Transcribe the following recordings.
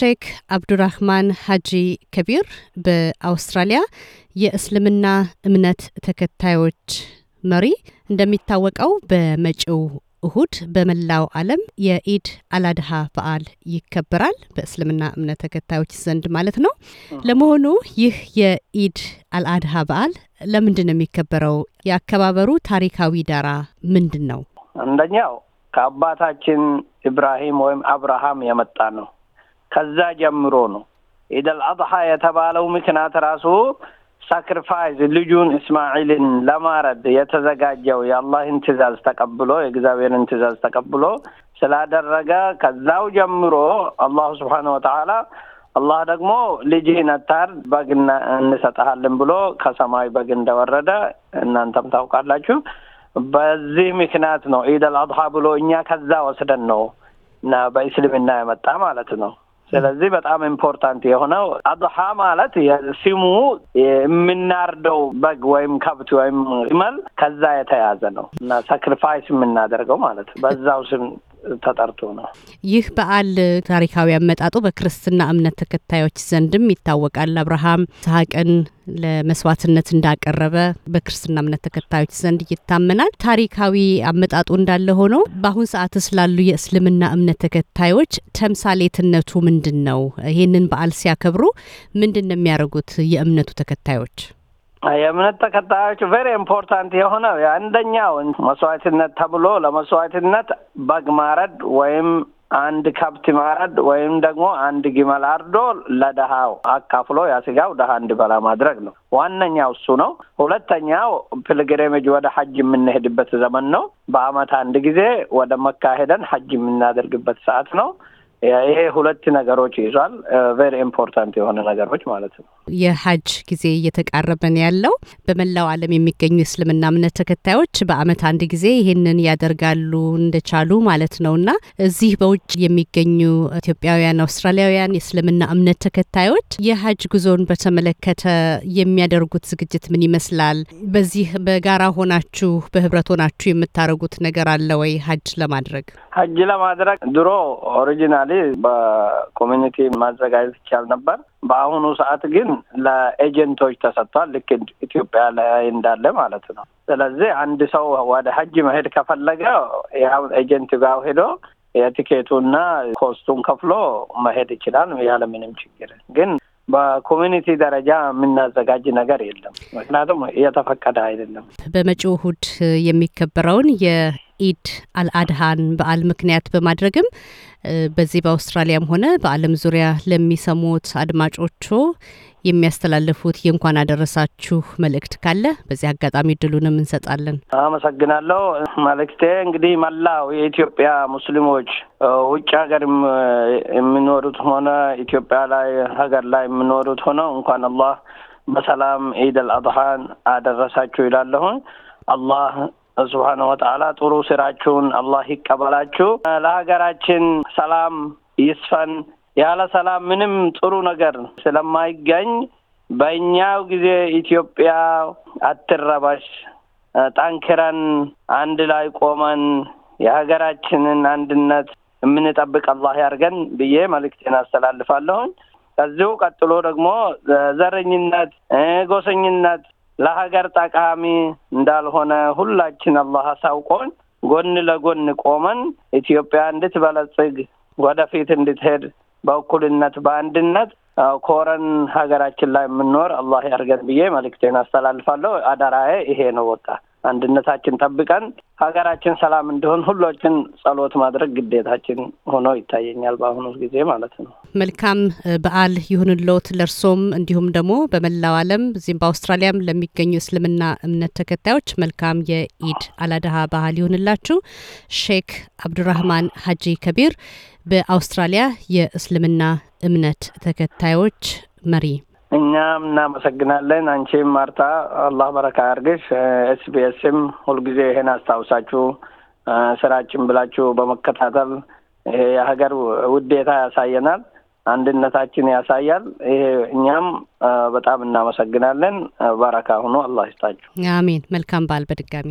ሼክ አብዱራህማን ሀጂ ከቢር በአውስትራሊያ የእስልምና እምነት ተከታዮች መሪ እንደሚታወቀው በመጪው እሁድ በመላው ዓለም የኢድ አላድሃ በዓል ይከበራል፣ በእስልምና እምነት ተከታዮች ዘንድ ማለት ነው። ለመሆኑ ይህ የኢድ አልአድሃ በዓል ለምንድን ነው የሚከበረው? የአከባበሩ ታሪካዊ ዳራ ምንድን ነው? አንደኛው ከአባታችን ኢብራሂም ወይም አብርሃም የመጣ ነው። ከዛ ጀምሮ ነው። ኢደል አድሓ የተባለው ምክንያት ራሱ ሳክሪፋይስ ልጁን እስማዒልን ለማረድ የተዘጋጀው የአላህን ትእዛዝ ተቀብሎ የእግዚአብሔርን ትእዛዝ ተቀብሎ ስላደረገ ከዛው ጀምሮ አላሁ ስብሓነ ወተዓላ አላህ ደግሞ ልጅህን አታርድ በግ እንሰጠሃልን ብሎ ከሰማይ በግ እንደወረደ እናንተም ታውቃላችሁ። በዚህ ምክንያት ነው ኢደል አድሓ ብሎ እኛ ከዛ ወስደን ነው እና በእስልምና የመጣ ማለት ነው። ስለዚህ በጣም ኢምፖርታንት የሆነው አዱሃ ማለት ስሙ የምናርደው በግ ወይም ከብት ወይም ግመል ከዛ የተያዘ ነው እና ሳክሪፋይስ የምናደርገው ማለት በዛው ስም ተጠርቶ ነው። ይህ በዓል ታሪካዊ አመጣጡ በክርስትና እምነት ተከታዮች ዘንድም ይታወቃል። አብርሃም ይስሐቅን ለመስዋዕትነት እንዳቀረበ በክርስትና እምነት ተከታዮች ዘንድ ይታመናል። ታሪካዊ አመጣጡ እንዳለ ሆኖ በአሁን ሰዓት ስላሉ የእስልምና እምነት ተከታዮች ተምሳሌትነቱ ምንድን ነው? ይህንን በዓል ሲያከብሩ ምንድን ነው የሚያደርጉት የእምነቱ ተከታዮች? የእምነት ተከታዮች ቬሪ ኢምፖርታንት የሆነው አንደኛው መስዋዕትነት ተብሎ ለመስዋዕትነት በግ ማረድ ወይም አንድ ከብት ማረድ ወይም ደግሞ አንድ ግመል አርዶ ለድሃው አካፍሎ ያስጋው ድሃ እንዲበላ ማድረግ ነው። ዋነኛው እሱ ነው። ሁለተኛው ፕልግሬሜጅ ወደ ሐጅ የምንሄድበት ዘመን ነው። በአመት አንድ ጊዜ ወደ መካ ሄደን ሐጅ የምናደርግበት ሰዓት ነው። ይሄ ሁለት ነገሮች ይዟል። ቬሪ ኢምፖርታንት የሆነ ነገሮች ማለት ነው። የሀጅ ጊዜ እየተቃረበን ያለው። በመላው ዓለም የሚገኙ የእስልምና እምነት ተከታዮች በአመት አንድ ጊዜ ይህንን ያደርጋሉ እንደቻሉ ማለት ነውና እዚህ በውጭ የሚገኙ ኢትዮጵያውያን፣ አውስትራሊያውያን የእስልምና እምነት ተከታዮች የሀጅ ጉዞን በተመለከተ የሚያደርጉት ዝግጅት ምን ይመስላል? በዚህ በጋራ ሆናችሁ በህብረት ሆናችሁ የምታደርጉት ነገር አለ ወይ? ሀጅ ለማድረግ ሀጅ ለማድረግ ድሮ ኦሪጂናሊ በኮሚኒቲ ማዘጋጀት ይቻል ነበር። በአሁኑ ሰዓት ግን ለኤጀንቶች ተሰጥቷል። ልክ ኢትዮጵያ ላይ እንዳለ ማለት ነው። ስለዚህ አንድ ሰው ወደ ሀጅ መሄድ ከፈለገ ያው ኤጀንት ጋር ሄዶ የቲኬቱና ኮስቱን ከፍሎ መሄድ ይችላል ያለምንም ችግር ግን በኮሚኒቲ ደረጃ የምናዘጋጅ ነገር የለም። ምክንያቱም እየተፈቀደ አይደለም። በመጪው እሁድ የሚከበረውን ኢድ አልአድሃን በዓል ምክንያት በማድረግም በዚህ በአውስትራሊያም ሆነ በዓለም ዙሪያ ለሚሰሙት አድማጮቹ የሚያስተላልፉት የእንኳን አደረሳችሁ መልእክት ካለ በዚህ አጋጣሚ እድሉንም እንሰጣለን። አመሰግናለሁ። መልእክቴ እንግዲህ መላው የኢትዮጵያ ሙስሊሞች ውጭ ሀገር የሚኖሩት ሆነ ኢትዮጵያ ላይ ሀገር ላይ የሚኖሩት ሆነ እንኳን አላህ በሰላም ኢድ አልአድሃን አደረሳችሁ ይላለሁን። አላህ ስብሓን ወተዓላ ጥሩ ስራችሁን አላህ ይቀበላችሁ። ለሀገራችን ሰላም ይስፈን። ያለ ሰላም ምንም ጥሩ ነገር ስለማይገኝ በእኛው ጊዜ ኢትዮጵያ አትረባሽ፣ ጠንክረን አንድ ላይ ቆመን የሀገራችንን አንድነት የምንጠብቅ አላህ ያርገን ብዬ መልእክቴን አስተላልፋለሁኝ። ከዚሁ ቀጥሎ ደግሞ ዘረኝነት፣ ጎሰኝነት ለሀገር ጠቃሚ እንዳልሆነ ሁላችን አላህ አሳውቆን ጎን ለጎን ቆመን ኢትዮጵያ እንድትበለጽግ ወደፊት እንድትሄድ በእኩልነት በአንድነት ኮረን ሀገራችን ላይ የምንኖር አላህ ያርገን ብዬ መልእክቴን አስተላልፋለሁ። አደራዬ ይሄ ነው። በቃ አንድነታችን ጠብቀን ሀገራችን ሰላም እንዲሆን ሁላችን ጸሎት ማድረግ ግዴታችን ሆኖ ይታየኛል፣ በአሁኑ ጊዜ ማለት ነው። መልካም በዓል ይሁንልዎት ለእርሶም፣ እንዲሁም ደግሞ በመላው ዓለም እዚህም በአውስትራሊያም ለሚገኙ እስልምና እምነት ተከታዮች መልካም የኢድ አላድሃ ባህል ይሁንላችሁ። ሼክ አብዱራህማን ሀጂ ከቢር በአውስትራሊያ የእስልምና እምነት ተከታዮች መሪ እኛም እናመሰግናለን። አንቺም ማርታ አላህ በረካ አርግሽ። ኤስቢኤስም ሁልጊዜ ይሄን አስታውሳችሁ ስራችን ብላችሁ በመከታተል ይሄ የሀገር ውዴታ ያሳየናል፣ አንድነታችን ያሳያል። ይሄ እኛም በጣም እናመሰግናለን። በረካ ሁኑ፣ አላህ ይስጣችሁ። አሜን። መልካም በዓል በድጋሚ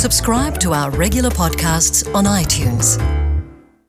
subscribe to our regular podcasts on iTunes.